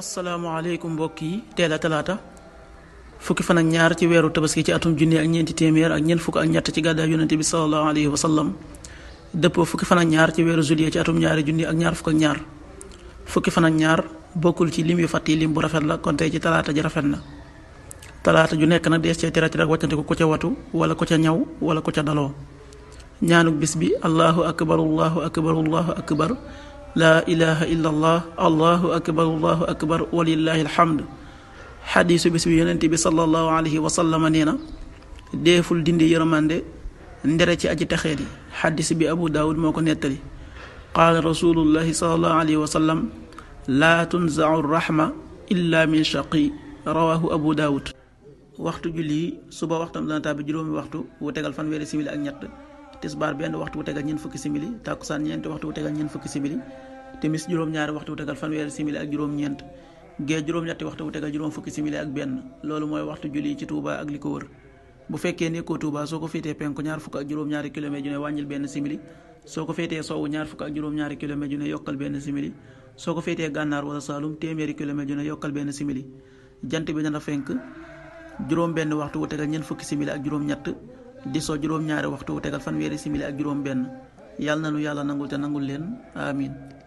asalaamaaleykum mbokk yi teel a talaata fukki fan ak ñaar ci weeru tabaski ci atum junne ak ñeenti téeméer ak ñeent fukk ak ñett ci gàddaay yonente bi salallahu alayhi wa sallam dëppoo fukki fan ak ñaar ci weeru juillet ci atum ñaari junne ak ñaar fukk ak ñaar fukki fan ñaar bokkul ci lim yu fàtt yi lim bu rafet la kon tey ci talaata ji rafet na talaata ju nekk nag dees cee tira tira ak wàccante ko ku ca watu wala ko ca ñaw wala ko ca daloo ñaanuk bis bi allahu akbar allahu akbar allahu akbar laa ilaha illa allah allahu akbar allahu akbar walillahi alhamd xadiisu bis bi yonent bi sallallahu alayhi wa sallama nee na deeful dindi yërmande ndere ci aji texeet yi bi abu daawud moo ko nettali qaala rasulullahi sallallahu alayhi wa sallam laa tunzaau illa min shaqi rawahu abu daawud waxtu julli suba waxtam dana tàbbi juróomi waxtu wu tegal fanweeri simili ak ñett tisbaar benn waxtu wu tegal ñeent fukki simili tàkkusaan ñeenti waxtu wu tegal ñeent fukki simili timis juróom-ñaari waxtu wu tegal fanweeri ak juróom-ñeent gee juróom-ñetti waxtu wu tegal juróom fukki simili ak benn loolu mooy waxtu julli ñaar fukk ak juróom-ñaari kilomètre yu ne wàññil benn simili soo ñaar fukk ak juróom-ñaari kilomètre yu ne yokkal benn simili soo ko féetee gànnaar wala saalum téeméeri kilomètre yu ne yokkal benn juróom benn waxtu wu tegal ñeent fukki simili ak juróom-ñett di soo juróom-ñaari waxtu tegal fanweeri simili ak juróom benn yàlla na lu yàlla nangul te nangul leen amin